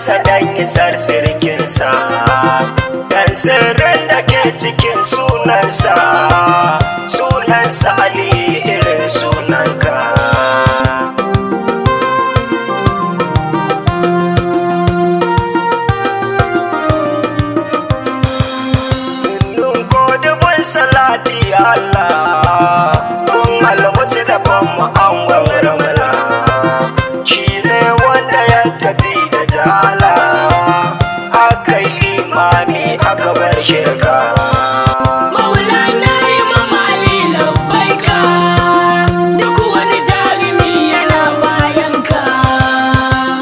sadan dan isar sirkinsa dan sirrin da ke cikin sunansa sunansa ali aka bar shirka maulana imam duk wani jarumi yana bayanka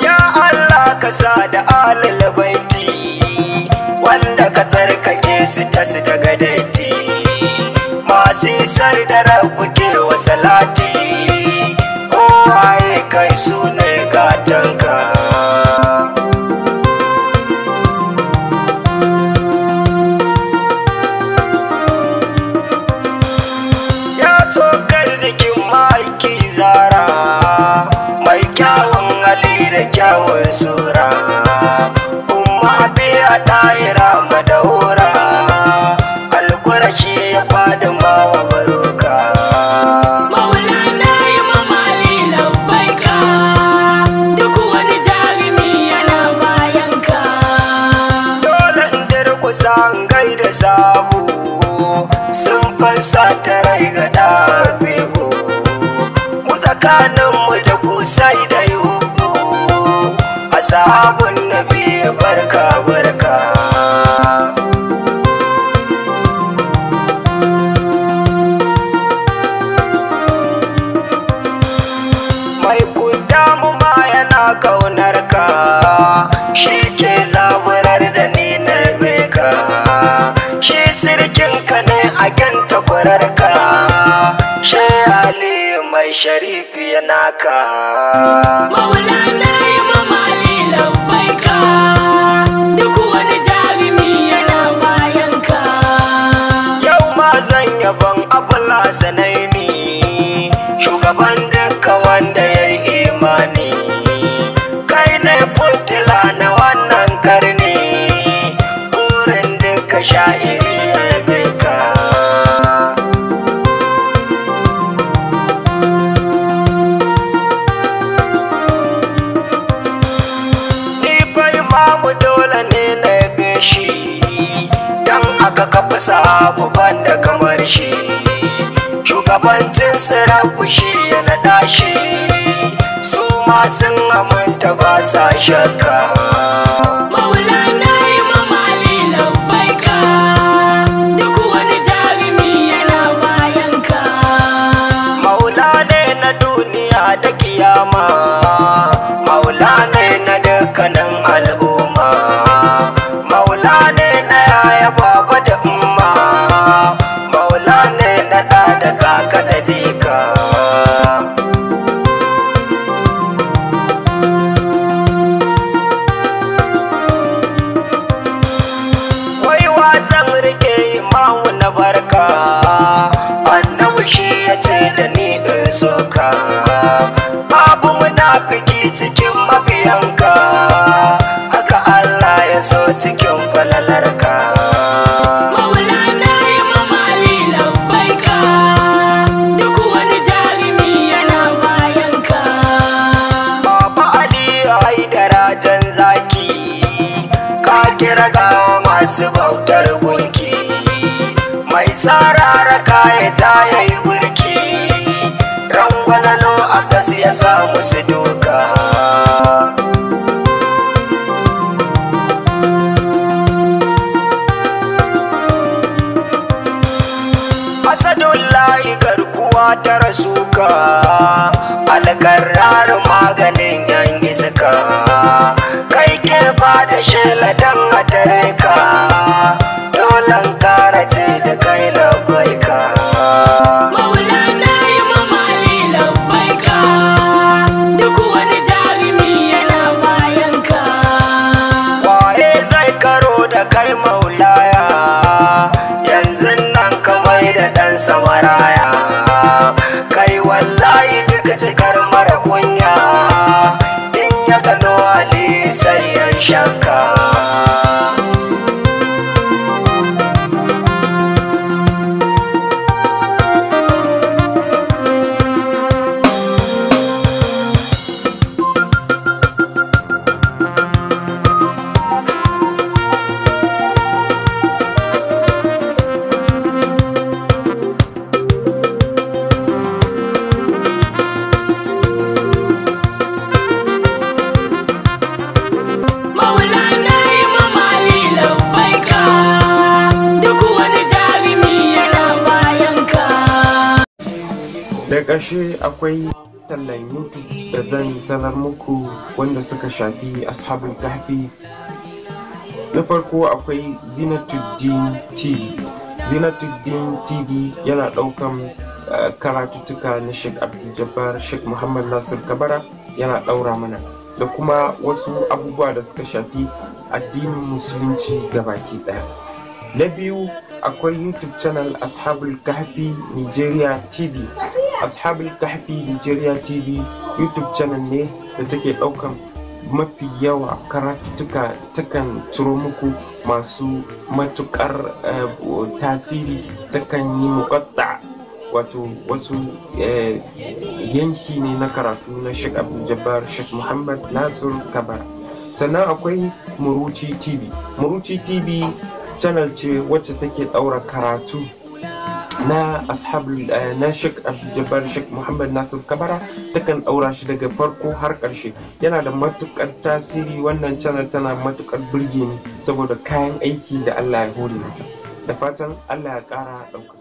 ya allah ka sa da alalabaiti, baiti wanda ka tsarkake su tasu daga datti masu isar da rabu wa salati kowaye kai su ne gatanka da samu sun fasa ta rai ga dafe mu mu tsakaninmu da kusai da yi a sabon nabi barka barka sirkin ka ne a gyanta kwararka shi ali mai sharifi ya naka maulana ya mamali labbaika duk wani jarumi yana bayanka yau ma zan yaban abula sanaini shugaban babu banda kamar shi shugabancin sarafu shi ya nada shi su ma sun amanta ba sa shakka maulana so cikin falalarka maulana ya mamali labbaika duk wani jarumi yana bayanka baba ali haidara jan zaki ka kira gawa masu bautar gunki mai sarara kaya ta yayi birki, rangwalalo a kasi ya sa su duka Asadullahi garkuwa ta rasu ka Alkarar maganin yan iska Kai ke ba da shela don a tare ka Dolan karace da kai da ƙarshe akwai tallan youtube da zan sanar muku wanda suka shafi ashabin kafi na farko akwai zinatuddin tv zinatuddin tv yana ɗaukan eh, karatuttuka na sheikh abdul sheikh muhammad nasir kabara yana ɗaura mana da kuma wasu abubuwa da suka shafi addinin musulunci gabaki ɗaya na biyu akwai youtube channel ashabul kahfi nigeria tv ashabul kahfi nigeria tv youtube channel ne da take daukan mafi yawa karatuka takan ciro muku masu matukar eh, tasiri takan yi mukatta wato wasu eh, yanki ne na karatu na sheikh abdul sheikh muhammad nasir kabar sannan akwai muruci tv muruci tv channel ce wacce take daura karatu na ashab na shek abdul shek muhammad nasir kabara takan ɗaura shi daga farko har ƙarshe yana da matukar tasiri wannan channel tana matukar burge ni saboda kayan aiki da allah ya hore da fatan allah ya kara dauka.